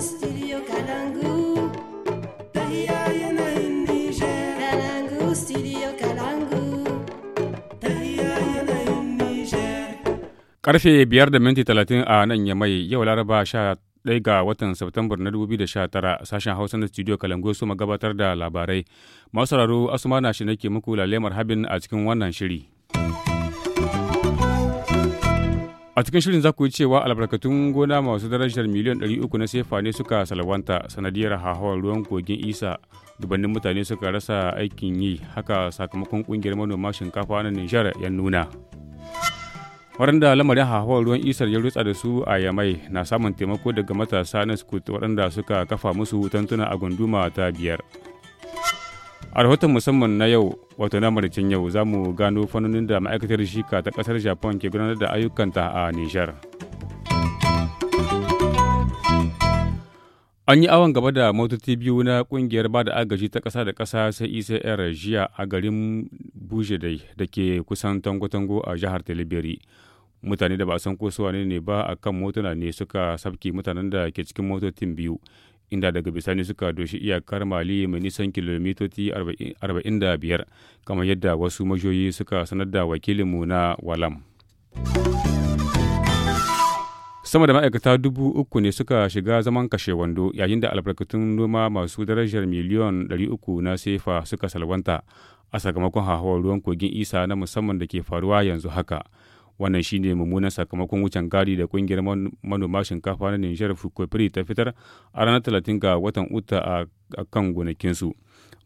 studio Karfe biyar da minti talatin a nan Yamai yau Laraba sha ɗaya ga watan Satumbar na 2019 sashen Hausa na Studio kalangu su gabatar da labarai. Masu sauraro Asuma na shi nake muku lalemar habin a cikin wannan shiri. A cikin shirin za ku yi cewa albarkatun gona masu darajar miliyan 300 na sefa ne suka salwanta sanadiyar hahawar ruwan kogin isa dubannin mutane suka rasa aikin yi haka sakamakon kungiyar manoma shinkafa na Nijar ya nuna. waɗanda lamarin hahawar ruwan isar ya rutsa da su a yamai na samun taimako daga matasa na skut waɗanda suka kafa musu tantuna a gunduma ta biyar. a rahoton musamman na yau wato na maricin yau za mu gano fannonin da ma'aikatar shika ta kasar japan ke gudanar da ayyukanta a nijar an yi awon gaba da motoci biyu na kungiyar ba da agaji ta kasa da kasa sai isa e ecr jiya a garin bujidai da ke kusan tango-tango a jihar talibiri mutane da ba san ko su ne ba a kan motuna ne suka sabki mutanen da ke cikin motocin biyu inda daga bisani suka doshi iyakar mali mai nisan kilomitoci 45 kamar yadda wasu majoyi suka sanar da wakilinmu na walam sama da ma'aikata dubu uku ne suka shiga zaman kashe wando yayin da albarkatun noma masu darajar miliyon 300 na sefa suka salwanta a sakamakon hauhawar ruwan kogin isa na musamman da ke faruwa yanzu haka wannan shine mummunan sakamakon wucin gadi da kungiyar manoma shinkafa na nijar fukofiri ta fitar a ranar talatin ga watan uta a kan gonakinsu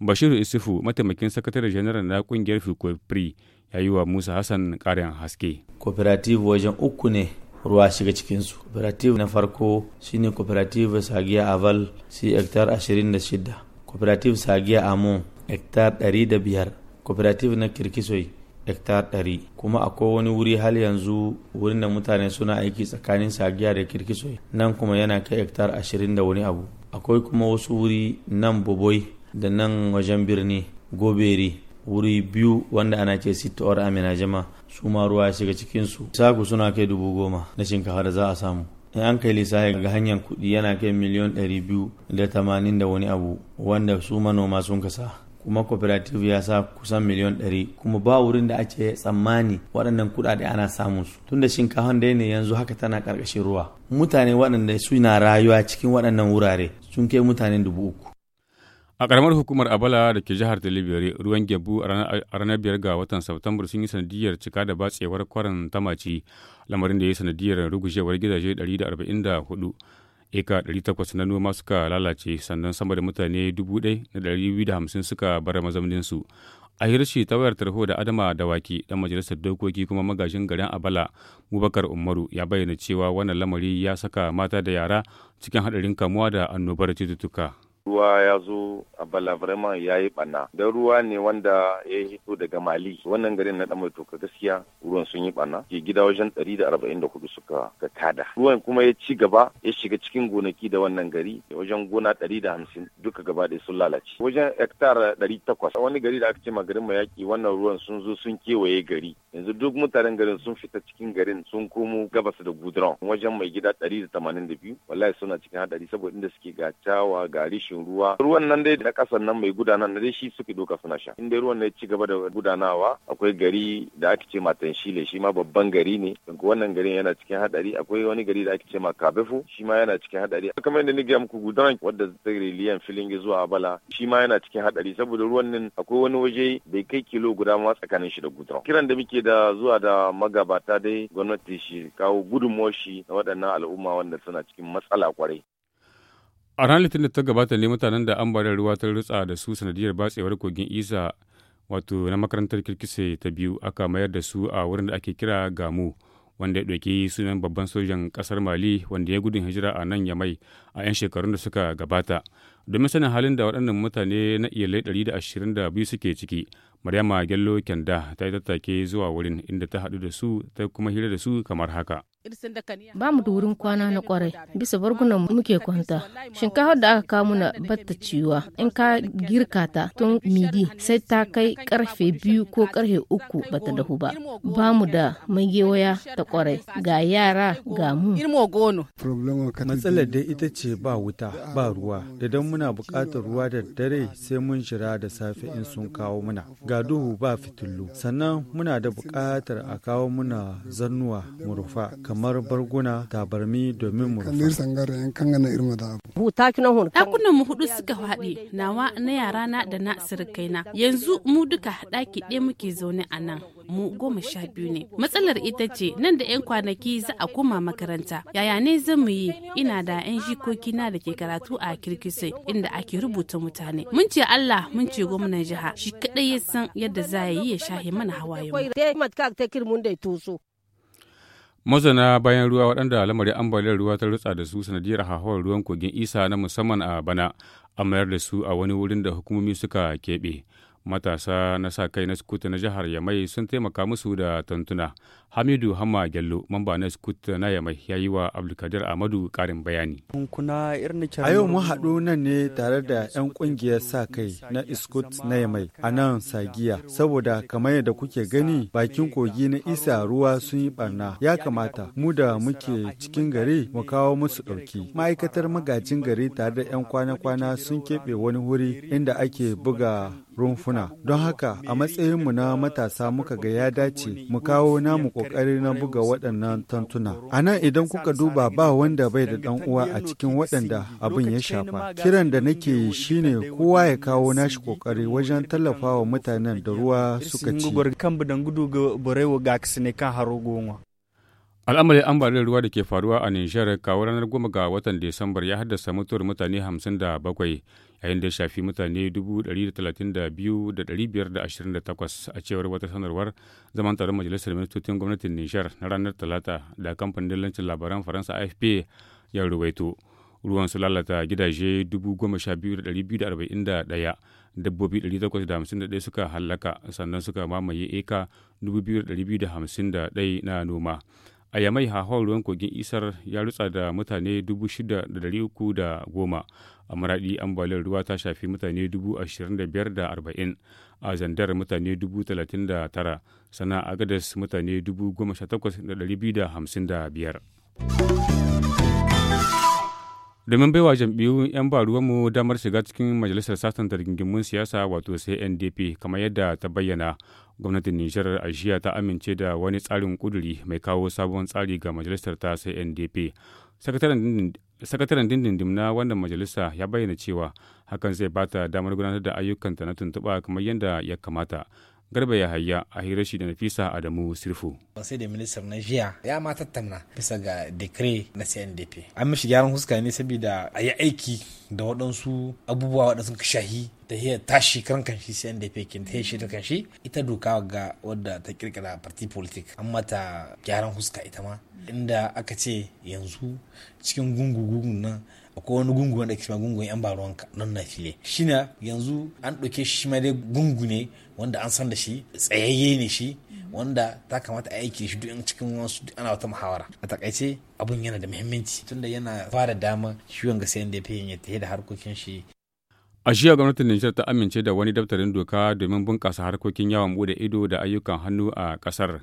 bashiru isufu mataimakin sakatare janar na kungiyar fukofiri ya yi wa musa hassan karin haske cooperative wajen uku ne ruwa shiga cikinsu cooperative na farko shine cooperative sagiya aval si hectare 26 cooperative sagiya amon hectare 105 cooperative na kirkisoi hektar ɗari kuma akwai wani wuri hal yanzu wurin da mutane suna aiki tsakanin sagiya da kirkiso nan kuma yana kai hektar ashirin da wani abu akwai kuma wasu wuri nan boboi da nan wajen birni goberi wuri biyu wanda ana ce sitowar amina jama su ma ruwa ya shiga cikinsu saku suna kai dubu goma na shinkafa da za a samu in an kai lissafi ga hanyar kuɗi yana kai miliyan ɗari biyu da tamanin da wani abu wanda su manoma sun kasa kuma cooperative ya sa kusan miliyan ɗari kuma ba wurin da ake tsammani waɗannan kuɗaɗe ana samun su tunda shinkafan da ne yanzu haka tana ƙarƙashin ruwa mutane waɗanda suna rayuwa cikin waɗannan wurare sun kai mutane dubu uku a ƙaramar hukumar abala da ke jihar talibiyar ruwan gebu a ranar biyar ga watan september sun yi sanadiyar cika da batsewar kwaran tamaci lamarin da ya yi sanadiyar rugujewar gidaje 144 eka 800 na noma suka lalace sannan sama da mutane 1,250 suka bar mazauninsu a hirshi ta wayar tarho da adama dawaki dan majalisar dokoki kuma magajin garin abala mubakar umaru ya bayyana cewa wannan lamari ya saka mata da yara cikin haɗarin kamuwa da annobar cututtuka. ruwa ya zo a bala vraiment ya yi ɓanna da ruwa ne wanda ya yi hito daga mali wannan garin na damar toka gaskiya ruwan sun yi ɓanna ke gida wajen ɗari da arba'in da suka ka tada ruwan kuma ya ci gaba ya shiga cikin gonaki da wannan gari wajen gona ɗari da hamsin duka gaba ɗaya sun lalace wajen hektar ɗari takwas wani gari da aka ce ma garin mayaki wannan ruwan sun zo sun kewaye gari yanzu duk mutanen garin sun fita cikin garin sun komo gabas da gudron wajen mai gida ɗari da tamanin da biyu wallahi suna cikin haɗari saboda inda suke gacawa gari rashin ruwa ruwan nan dai na kasan nan mai gudana na dai shi suke doka suna sha in ruwan ne ci gaba da gudanawa akwai gari da ake ce matan shile shi ma babban gari ne wannan garin yana cikin hadari akwai wani gari da ake ce ma kabefu shi ma yana cikin hadari kamar yadda ni gaya muku gudan wadda zai liyan filin zuwa abala shi ma yana cikin hadari saboda ruwan nan akwai wani waje bai kai kilo guda ma tsakanin shi da gudan kiran da muke da zuwa da magabata dai gwamnati shi kawo gudunmuwar shi na waɗannan al'umma wanda suna cikin matsala kwarai a ranar litinin da ta gabata ne mutanen da ambaliyar ruwa ta rutsa da su sanadiyar batsewar kogin isa wato na makarantar kirkise ta biyu aka mayar da su a wurin da ake kira gamu wanda ya ɗauki sunan babban sojan ƙasar mali wanda ya gudun hijira a nan ya mai a 'yan shekarun da suka gabata domin sanin halin da waɗannan mutane na iyalai 122 suke ciki Maryama Gello Kenda ta yi tattake zuwa wurin inda ta haɗu da su ta kuma hira da su kamar haka. Ba mu da wurin kwana na kwarai bisa bargunan muke kwanta. Shinkafar da aka kawo na batta ciwa in ka girka ta tun midi sai ta kai karfe biyu ko karfe uku bata dahu ba. Ba mu da mage waya ta kwarai ga yara ga mu. Matsalar da ita ce ba wuta ba ruwa da don muna bukatar ruwa da dare sai mun jira da safe in sun kawo muna. ga duhu ba fitilu sannan muna da bukatar a kawo muna zannuwa murufa kamar barguna tabarmi domin murufa ɗakunan mu hudu suka haɗe nawa na yara na da na sirikaina yanzu mu duka ɗaki ɗaya muke zaune a nan mu goma sha biyu ne matsalar ita ce nan da 'yan kwanaki za a koma makaranta yaya ne zan mu yi ina da 'yan jikoki na da ke karatu a kirkise inda ake rubuta mutane mun ce allah mun ce gwamnan jiha shi kaɗai ya san yadda za yi ya shahe mana hawaye mazana bayan ruwa waɗanda lamarin ambaliyar ruwa ta rutsa da su sanadiyar hahawar ruwan kogin isa na musamman a bana a mayar da su a wani wurin da hukumomi suka keɓe matasa na sa kai na sukuta na jihar yamai sun taimaka musu da tantuna Hamidu Hamma Gello, mamba na Scoot na Yamai, ya yi wa Abdulkadir Amadu karin bayani. A yau mun haɗu nan ne tare da 'yan ƙungiyar sa kai na scott na Yamai a nan Sagiya, saboda kamar yadda kuke gani bakin kogi na isa ruwa sun yi barna. Ya kamata mu da muke cikin gari mu kawo musu ɗauki. Ma'aikatar magajin gari tare da 'yan kwana-kwana sun keɓe wani wuri inda ake buga rumfuna. Don haka a matsayinmu na matasa muka ga ya dace mu kawo namu ƙoƙari na buga waɗannan tantuna. A nan idan kuka duba ba wanda bai da ɗan uwa a cikin waɗanda abin ya shafa. Kiran da nake yi shine kowa ya kawo nashi ƙoƙari wajen tallafawa mutanen da ruwa suka ci. al'amarin ambaliyar ruwa da ke faruwa a nijar kawo ranar goma ga watan Desambar ya haddasa mutuwar mutane hamsin da bakwai yayin da ya shafi mutane dubu da talatin da biyu da biyar da ashirin da takwas a cewar wata sanarwar zaman taron majalisar ministocin gwamnatin nijar na ranar talata da kamfanin dillancin labaran faransa afp ya ruwaito ruwan su lalata gidaje dubu goma sha biyu da biyu da arba'in da ɗaya dabbobi ɗari takwas da hamsin da ɗaya suka hallaka sannan suka mamaye eka dubu biyu da biyu da hamsin da ɗaya na noma a yamai hauhawar ruwan kogin isar ya rutsa da mutane 6,310 a maradi ambaliyar ruwa ta shafi mutane 25,40 a zandar mutane 39,000 sana agadas mutane 18,255 domin baiwa jam'iyyun 'yan ba ruwanmu damar shiga cikin majalisar sasanta rigingimun siyasa wato cndp kamar yadda ta bayyana gwamnatin nijar ajiya ta amince da wani tsarin kuduri mai kawo sabon tsari ga majalisar ta cndp sakataren dindindim na wannan majalisa ya bayyana cewa hakan zai bata damar gudanar da ayyukanta na tuntuɓa kamar yadda ya kamata Garba ya Yahaya a hira shi da Nafisa Adamu Sirfu. Sai da ministan na jiya ya ma tattauna bisa ga dekre na CNDP. An mishi gyaran huska ne saboda a yi aiki da waɗansu abubuwa waɗansu sun shahi ta hiyar tashi karan kanshi CNDP kin ta shi da kanshi ita doka ga wadda ta kirkira party politik. an mata gyaran huska ita ma inda aka ce yanzu cikin gungu-gungun nan akwai wani gungu wanda ke gungun yan baruwanka nan na file shi na yanzu an ɗauke shi ma dai gungu ne wanda an san da shi tsayayye ne shi wanda ta kamata a aiki shi duk cikin wasu ana wata muhawara a takaice abun yana da muhimmanci tunda yana fara dama shi ga sayan da ya ya tafi da harkokin shi a shiya gwamnatin nijar ta amince da wani daftarin doka domin bunƙasa harkokin yawon bude ido da ayyukan hannu a ƙasar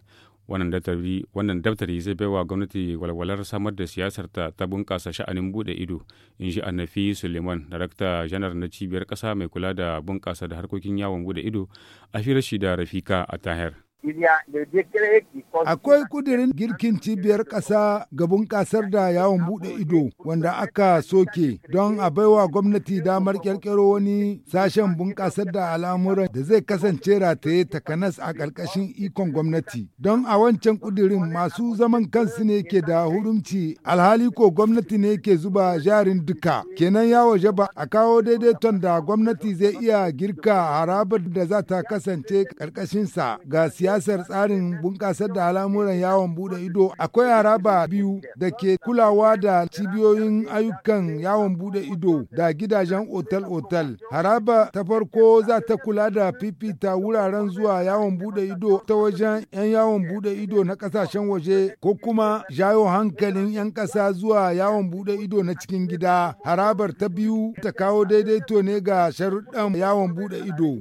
wannan daftari zai bai wa gwamnati walwalar samar da siyasarta ta bunƙasa sha'anin buɗe ido in ji annafi suleiman darakta janar na cibiyar ƙasa mai kula da bunƙasa da harkokin yawon buɗe ido a shi da rafika a tahir Akwai kudirin girkin cibiyar ƙasa ga bunƙasar da yawon buɗe ido wanda aka soke don a baiwa gwamnati damar ƙirƙiro wani sashen bunƙasar da al'amuran da zai kasance rataye takanas a ƙarƙashin ikon gwamnati. Don a wancan kudirin masu zaman kansu ne ke da hurumci alhali ko gwamnati ne ke zuba jarin duka. Kenan ya waje a kawo daidaiton da gwamnati zai iya girka harabar da za ta kasance ƙarƙashinsa ga siyasa. siyasar tsarin bunƙasar da al'amuran yawon buɗe ido akwai haraba biyu da ke kulawa da cibiyoyin ayyukan yawon buɗe ido da gidajen otal-otal. Haraba ta farko za ta kula da fifita wuraren zuwa yawon buɗe ido ta wajen 'yan yawon buɗe ido na ƙasashen waje ko kuma jayo hankalin 'yan ƙasa zuwa yawon buɗe ido na cikin gida. Harabar ta biyu ta kawo daidaito ne ga sharuɗan yawon buɗe ido.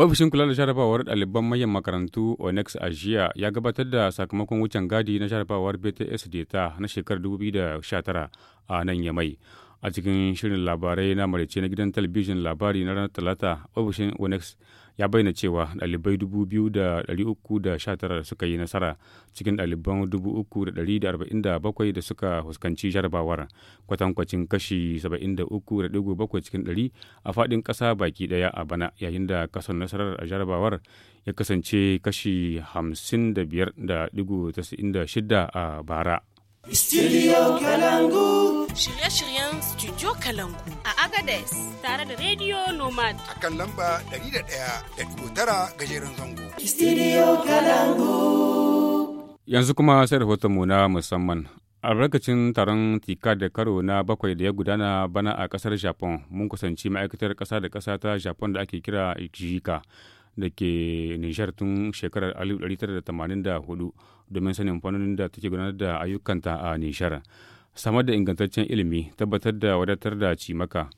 Ofishin kula da sharafawar ɗaliban manyan makarantu ONEX a ya gabatar da sakamakon wucin gadi na sharafawar BTS Data na shekarar 2019 a nan Yamai. A cikin shirin labarai na marice na gidan talabijin labari na ranar Talata, ofishin ONEX ya bayyana cewa ɗalibai 2,319 suka yi nasara cikin ɗaliban 3,347 da suka fuskanci jarabawar kwatankwacin kashi 73.7 cikin 100 a faɗin ƙasa baki ɗaya a bana yayin da kasar nasarar a jarabawar ya kasance kashi 55.96 a bara. Studio Kalangu. shirye-shiryen Studio Kalangu a Agades tare da Radio Nomad. A kan lamba 101.9 gajeren zango. Studio Kalangu. Yanzu kuma sai mu na musamman. a albarkacin taron tika da karo na bakwai da ya gudana bana a kasar japan mun kusanci ma'aikatar kasa da kasa ta japan da ake kira jika da ke nishar tun shekarar 1984 domin sanin fannonin da take gudanar da ayyukanta a nishar samar da ingantaccen ilimi tabbatar da wadatar da cimaka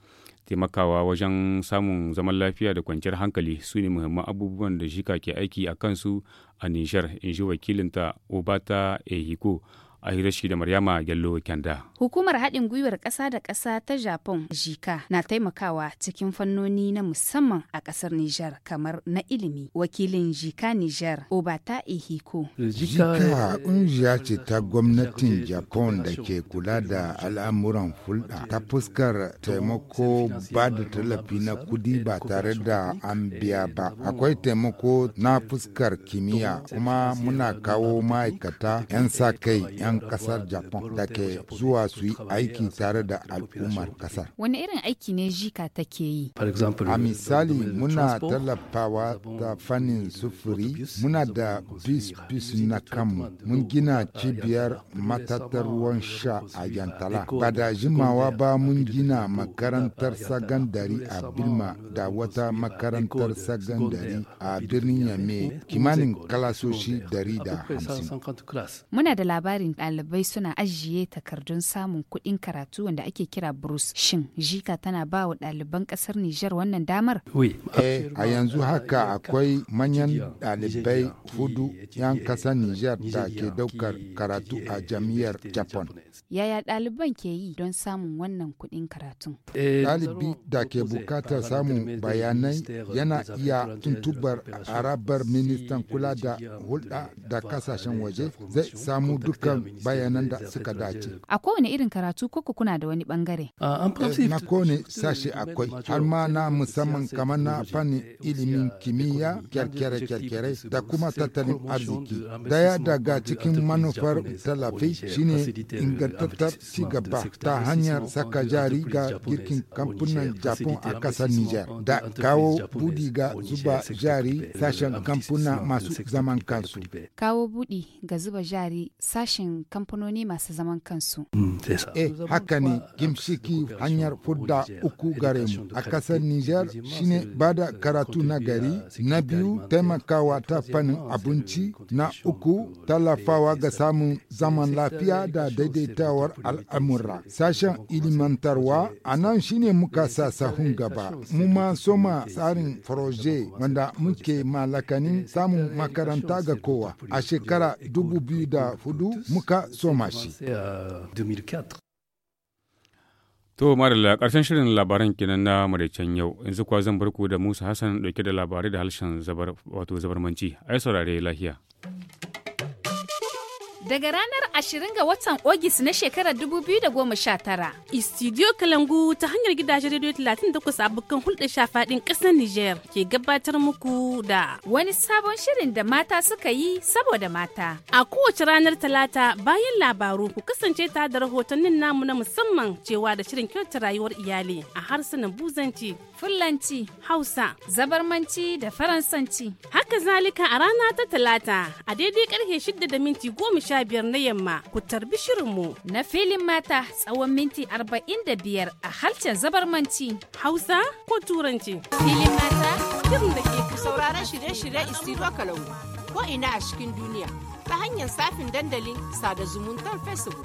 taimakawa wajen samun zaman lafiya da kwanciyar hankali su ne muhimman abubuwan da shika ke aiki a kansu a nishar in ji wakilinta obata ehiko a hirashi da Maryama Gello Kenda. Hukumar haɗin gwiwar ƙasa da ƙasa ta Japan Jika na taimakawa cikin fannoni na musamman a ƙasar Nijar kamar na ilimi. Wakilin Jika Nijar Obata Ihiko. Jika ƙungiya ce ta gwamnatin Japan da ke kula da al'amuran hulɗa ta fuskar taimako ba da tallafi na kudi ba tare da an biya ba. Akwai taimako na fuskar kimiyya kuma muna kawo ma'aikata 'yan sa kai 'yan kasar Japan da ke zuwa su yi aiki tare da al'ummar kasar. Wani irin aiki ne jika take yi? A misali muna tallafawa ta fannin sufuri, muna da bis-bis na kanmu. Mun gina ah, cibiyar matatar ruwan sha a Yantala. Ba da jimawa ba mun gina makarantar ah, dari a Bilma da wata makarantar dari a birnin Yame kimanin kalasoshi hamsin Muna da labarin ɗalibai suna ajiye takardun samun kuɗin karatu wanda ake kira Bruce. Shin jika tana ba wa ɗaliban ƙasar Nijar wannan damar? Eh, a yanzu haka akwai manyan ɗalibai hudu 'yan ƙasar Nijar da ke daukar karatu a jami'ar Japan. Yaya ɗaliban ke yi don samun wannan kuɗin karatun? Eh, Ɗalibi da ke bukatar samun bayanai yana iya tuntubar harabar ministan kula da hulɗa da kasashen waje zai samu dukkan bayanan da suka dace. A kowane irin karatu koko kuna da wani bangare? Eh, na kowane sashi akwai har ma na musamman kamar na ilimin kimiyya kyarkyare-kyarkyare da kuma tattalin arziki. Daya daga cikin manufar tallafi shine ingantattar cigaba ta hanyar saka jari ga girkin kamfunan Japan a ƙasar Nijar da kawo budi ga zuba jari sashen kamfuna masu zaman kansu. Kawo budi ga zuba jari sashen kamfanoni masu zaman kansu. Mm, eh, haka ne gimshiki hanyar fudda uku gare mu a kasar Nijar shine bada karatu na gari, na biyu taimakawa ta fannin abinci, na uku tallafawa ga samun zaman lafiya da daidaitawar al'amura. Sashen ilimantarwa a nan shine muka sa sahun gaba. Mu ma soma tsarin proje wanda muke malakanin samun makaranta ga kowa. A shekara dubu biyu da hudu muka Afirka soma shi. To Marilla, ƙarshen shirin labaran kenan na maraicen yau, yanzu kuwa zan barku da Musa Hassan ɗauke da labarai da harshen wato zabarmanci, ai saurare lahiya. Daga ranar 20 ga watan Ogis na shekarar 2019, Istidiyo Kalangu ta hanyar gidajen rediyo 38 abokan hulɗar shafaɗin ƙasar Nijar ke gabatar muku da wani sabon shirin da mata suka yi saboda mata. A kowace ranar talata bayan labaru ku kasance ta da rahotannin namu na musamman cewa da shirin kyautar rayuwar iyali a harsunan buzanci Fulanci, Hausa, Zabarmanci da Faransanci. Haka zalika a rana ta Talata a daidai karfe shida da minti goma sha biyar na yamma ku tarbi shirinmu na filin mata tsawon minti arba'in da biyar a harshen Zabarmanci, Hausa ko Turanci. Filin mata kirin da ke sauraron shirye-shirye Istiro Kalau ko ina a cikin duniya ta hanyar safin dandalin sada zumuntar Facebook.